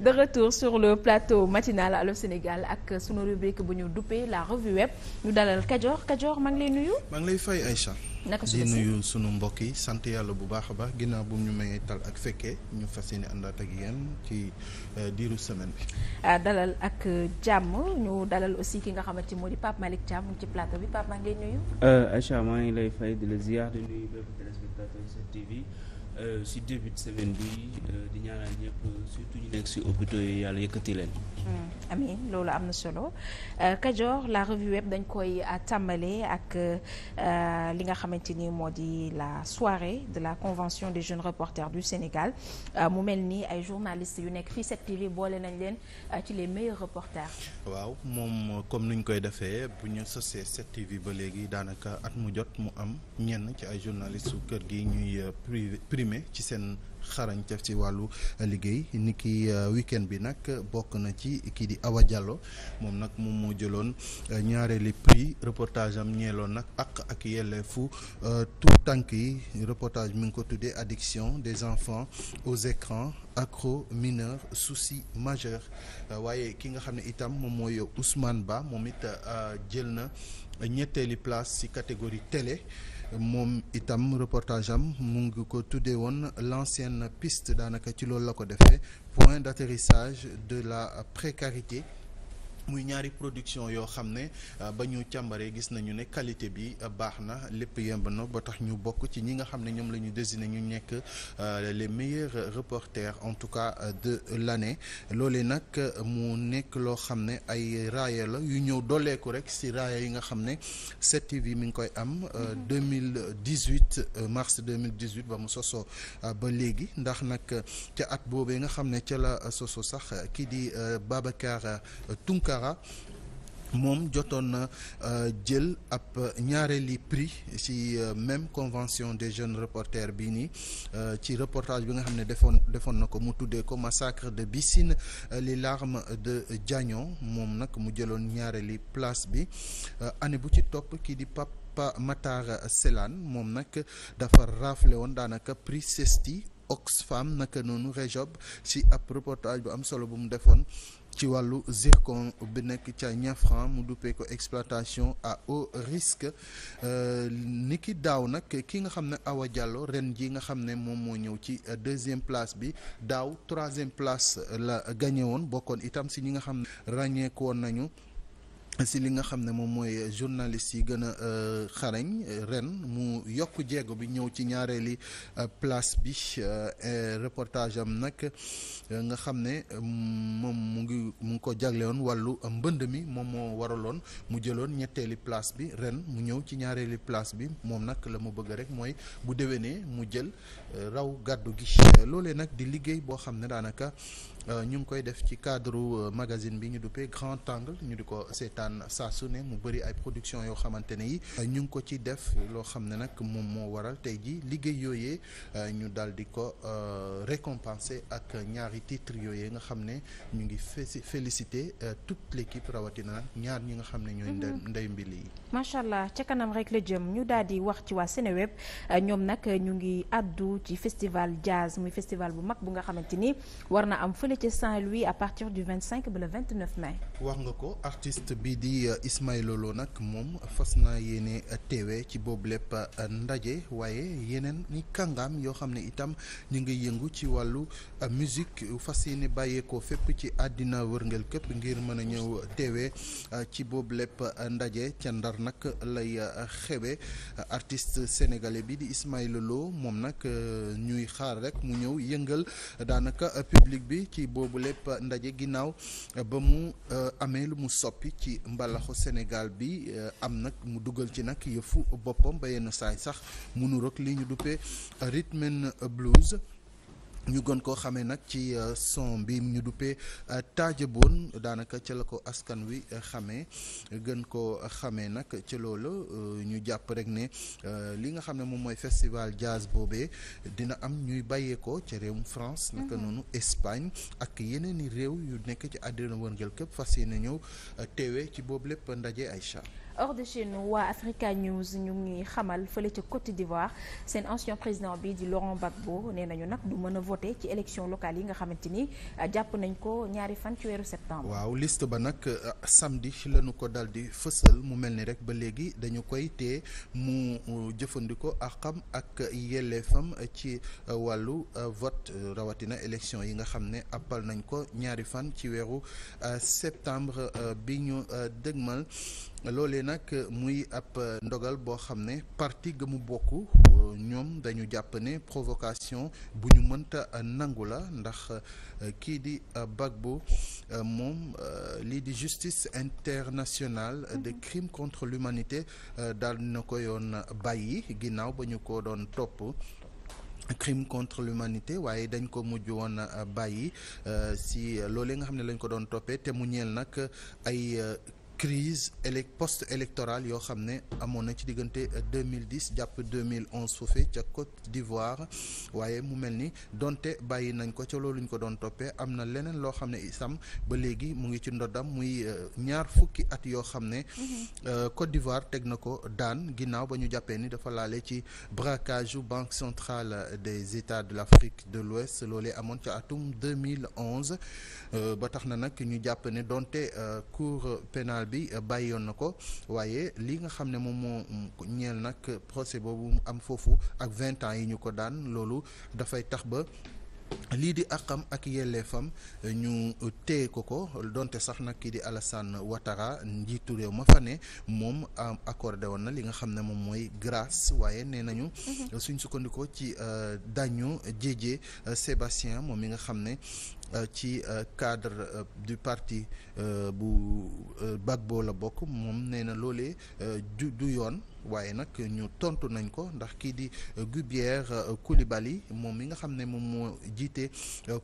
de retour sur le plateau matinal Allô Sénégal ak sunu rubrique bu ñu duppee la revue web ñu dalal Kajoor Kajoor maa ngi lay nuyu. maa ngi lay fay Aïcha. naka di nuyu sunu mbokk yi sant yàlla bu baax a baax ginnaaw bu ñu mayee tal ak fekkee ñu fas yéene àndaat ak yéen ci euh, diiru semaine bi. Ah, dalal ak jàmm ñu dalal aussi ki nga xamante ci moo di Pape Malick Thiam ci plateau bi Pape maa ngi lay nuyu. Euh, Aïcha maa ngi lay fay di la ziar di nuyu bépp téléspectateur 7TV. Euh, si début de semaine bi euh, di ñaanal ñëpp surtout ñu nekk si hôpitaux yëkkati leen. Hmm, amiin loolu am na solo euh, Kajoor la revue web dañ koy tàmbale ak li nga xamante ni moo di la soirée de la convention des jeunes reporters du Sénégal mu mel ni ay journalistes yu nekk fii 7TV boole nañ leen ci les meilleurs reporters. waaw moom comme nuñ koy defee bu ñu sosee 7TV ba léegi daanaka at mu jot mu am ñenn ci ay journalistes su kër gi ñuy privé. primé ci seen xarañtef ci wàllu liggéey ni ki euh, weekend bi nag bokk na ci kii di Awa Diallo moom nag moom moo jëloon euh, ñaareeli prix reportage am ñeeloon nag ak ak yelleefu euh, tout tànk yi reportage mi ngi ko tuddee addiction des enfants aux écrans accro mineur souci majeur waaye ki nga xam ne itam moom mooy Ousmane Ba moom it jël na ñetteeli place ci catégorie télé moom itam reportage am mu ngi ko tuddee woon l'ancienne piste daanaka ci loolu la ko defee point d'atterrissage de la précarité muy ñaari production yoo xam ne euh, ba ñu càmbaree gis nañu ne qualité bi euh, baax na lépp yemb na ba tax ñu bokk ci ñi nga xam ne ñoom la ñu désigné ñu nekk euh, les meilleurs reporters en tout cas de l'année loole nag mu nekk loo xam ne ay raaya la yu ñëw dooleeku rek si raaya yi nga xam ne 7TV mi ngi koy am 2018 mm-hmm. mars 2018 ba mu sosoo ba léegi ndax nag ca at boobee nga xam ne ca la sosoo sax kii di Babacar Tunkar Diawara moom jotoon na euh, jël ab ñaareeli prix ci euh, même convention des jeunes reporters bii nii euh, ci reportage bi nga xam ne defoon defoon na ko mu tuddee ko massacre de Bissine les larmes de Diagnon moom nag mu jëloon ñaareeli place bi année bu ci topp kii di Papa Matar Selan moom nag dafa raflé woon daanaka prix Sesti Oxfam naka noonu Réjob ci ab reportage bu am solo bu mu defoon. ci wàllu zircon bi nekk ca Niafran mu duppee ko exploitation à haut risque euh, ni ki daaw nag ki nga xam ne Awa Diallo ren ji nga xam ne moom moo ñëw ci euh, deuxième place bi daaw troisième place euh, la gagné woon bokkoon itam si ñi nga xam ne ràññeeku nañu si li nga xam ne moom mooy journaliste yi gën a euh, xarañ euh, ren mu yokk jéego bi ñëw ci ñaareeli euh, place bi reportage am nag nga xam ne moom mu ngi mu ngi ko jagle woon wàllu mbënd mi moom moo waraloon mu jëloon ñetteeli place bi ren mu ñëw ci ñaareeli place bi moom nag la mu bëgg rek mooy bu déwénee mu jël raw gàddu gi loolee nag di liggéey boo xam ne daanaka euh, ñu ngi koy def ci cadre euh, magasine bi ñu duppee Grand Angle ñu di ko seetaan saa su ne mu bëri ay production yoo xamante ne euh, ñu ngi ko ci def loo xam ne nag moom moo waral tey ji liggéey yooyee ñu daal di ko récompenser ak ñaari titre yooyee nga xam ne ñu ngi féliciter toute l'équipe rawatina ñaar ñi nga xam ne ñooy mm-hmm. ndey mbili yi macha allah ca kanam rek la jëm ñoom nag ñu ngi àddu ci festival jazz muy festival bu mag bu nga xamante ni war na am fële ca Saint-Louis à partir du 25 ba le 29 mai. wax nga ko artist bi di euh, Ismaïla Lo nag moom fas naa yéene euh, teewee ci boobu lépp euh, ndaje waaye yeneen ni kàngaam yoo xam ne itam ñu ngi yëngu ci wàllu musique fas yéene bàyyeekoo fépp ci àddina wërngël këpp ngir mën a ñëw teewee ci boobu lépp ndaje ca ndar nag lay xewe artiste sénégalais bi di Ismaïla moom nag. ñuy xaar rek mu ñëw yëngal daanaka public bi ci boobu lépp ndaje ginnaaw ba mu euh, amee lu mu soppi ci mbalaxu Sénégal bi euh, am nag mu dugal ci nag yëfu boppam ba yenn saay sax mu nu rek li ñu duppee rhythm and blues ñu gën koo xamee nag ci euh, son bi ñu duppee euh, taajaboon daanaka ca la ko askan wi euh, xamee gën ko xamee nag ci loolu ñu jàpp rek ne li nga xam ne moom mooy festival jazz boobee dina am ñuy bàyyee ko ca réewum France. naka mhm. noonu Espagne ak yeneen i réew yu nekk ci àddina wërngël képp fas yi yéene ñëw teewee ci boobu lépp ndaje ay Aïcha. hors de chez nous waa Africa News ñu ngi xamal fële ca Côte d'Ivoire seen ancien président bi di Laurent Gbagbo nee nañu nag du mën a voter ci élection locale yi nga xamante ni euh, jàpp nañ ko ñaari fan ci septembre. waaw liste ba nag euh, samedi lañu ko dal di fësal mu mel ni rek ba léegi dañu koy téye mu jëfandikoo àqam ak yelleefam ci euh, wàllu vote rawatina élection yi nga xam ne appal nañ ko ñaari fan ci weeru septembre bi ñu dëgmal. loolee nag muy ab euh, ndogal boo xam ne parti ga mu bokk euh, ñoom dañu jàpp ne provocation bu ñu mënta euh, nangu la ndax kii di bag bu moom lii di justice internationale de mhm. crime contre l'humanité daal na ko yoon bàyyi ginnaaw ba ñu ko doon topp crime contre l'humanité waaye dañ ko mujj woon bàyyi si loolee nga xam ne lañ ko doon toppee te mu ñeel nag ay crise élec post électorale yoo xam ne amoon na ci diggante 2010 euh, jàpp 2011 foofee ca Côte d'Ivoire waaye mu mel ni donte bàyyi nañ ko ca loolu ñu ko doon toppee am na leneen loo xam ne itam ba léegi mu ngi ci ndoddam muy euh, ñaar fukki at yoo xam ne. Mm-hmm. Euh, Côte d'Ivoire teg na ko daan ginnaaw ba ñu jàppee ni dafa laale ci braquage u banque centrale des états de l' Afrique de l'Ouest loolee amoon ca atum 2011 ba tax na nag ñu jàpp ne donte cour pénale bi euh, bàyyi yoon na ko waaye li nga xam ne moom moo mm, ñeel nag procès boobu am foofu ak vingt ans yi ñu ko daan loolu dafay tax ba lii di àqam ak yelleefam euh, ñu euh, téye ko ko donte sax nag kii di Alassane Ouattara njiitu réew ma fa ne moom accordé woon na li nga xam ne moom mooy grâce waaye nee nañu. Mhm. suñ sukkandikoo ci daño jéjee Sébastien moom yi nga xam ne. Euh, ci euh, cadre euh, du parti bu Gbagbo la bokk moom nee na loolee du du yoon waaye nag ñu tontu nañ ko ndax kii di Gubière Coulibaly moom mi nga xam ne moom moo jiite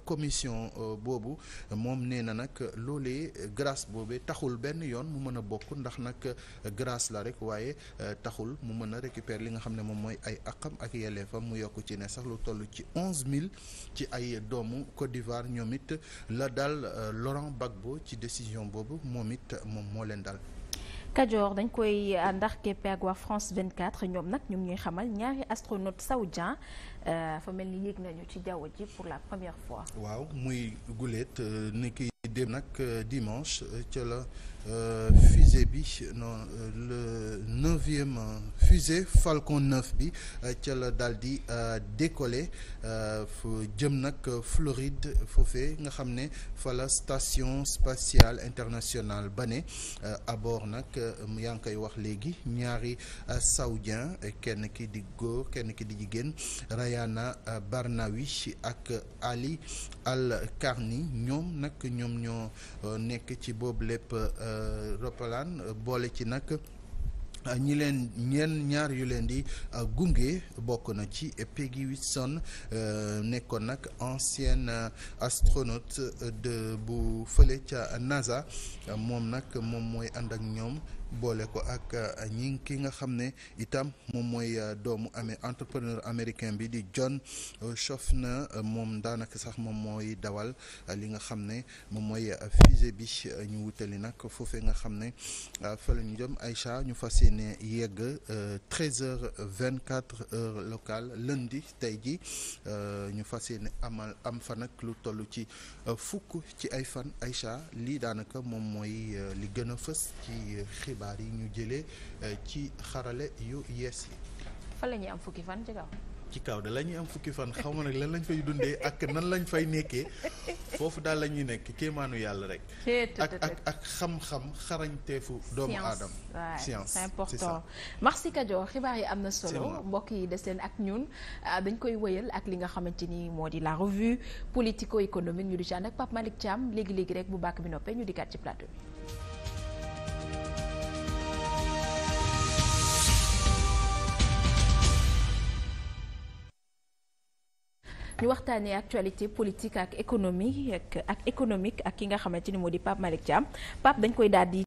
commission boobu moom nee na nag loolee grace boobe taxul benn yoon mu mën a bokk ndax nag grace la rek waaye taxul mu mën a récupérer li nga xam ne moom mooy ay aqam ak yelleefam mu yokk ci ne sax lu toll ci onze mille ci ay doomu Côte d'Ivoire ñoom it la daal euh, Laurent Gbagbo ci décision boobu moom it moom moo leen daal. Kajoor dañ koy ndax keppe ak waa France 24 ñoom nag ñu ngi ñuy xamal ñaari astronaute saoudien euh, fa mel ni yéeg nañu ci jaww ji pour la première fois. waaw muy guléet euh, ni ki dem nag dimanche ca la. Euh, fusée bi non euh, le neuvième euh, fusée Falcon 9 bi ca la daal di décoller jëm nag Floride foofee nga xam ne fala station spatiale internationale ba ne à bord nag yaa ngi koy wax léegi ñaari saoudien kenn ki di góor kenn ki di jigéen Rayana Barnawi ak Ali Al Karni ñoom nag ñoom ñoo nekk ci boobu lépp. Euh, roppalaan euh, boole ci nag euh, ñi leen ñeen ñaar yu leen di gunge bokk na ci Peggy Whitson nekkoon nag ancienne astronaute de bu fële ca NASA moom nag moom mooy ànd ak ñoom boole ko ak euh, ñi ki nga xam ne itam moom mooy euh, doomu amee entrepreneur américain bi di John euh, Chauffner moom daanaka sax moom mooy dawal li nga xam ne moom mooy fusée bi ñu wutali nag foofee nga xam ne fa la ñu jëm Aïcha ñu fas yéene yegg 13 heures 24 heures locale lundi tey ji ñu fas yéene amal am fa nag lu toll ci fukk ci ay fan ay Aïcha lii daanaka moom mooy li gën a fës ci xibaar yi ñu jëlee eh, ci xarale yu yees yi. fa la ñuy am fukki fan ci kaw. ci kaw da la ñuy am fukki fan xaw ma nag lan lañ fay dundee ak nan lañu fay nekkee foofu daal la ñuy nekk kéemaanu yàlla rek. ak ak ak xam-xam xarañteefu. doomu aadama science c'est important merci Kajo xibaar yi am na solo. mbokk yi des leen ak ñun dañ koy wëyal ak li nga xamante ni moo di la revue politico économique ñu di ci ànd ak léegi léegi rek bu bàkk bi noppee ñu dikkaat ci plateau bi. ñu waxtaanee actualité politique ak économie ak économique ak ki nga xamante ni moo di Pape Malick Thiam Pape dañ koy daal di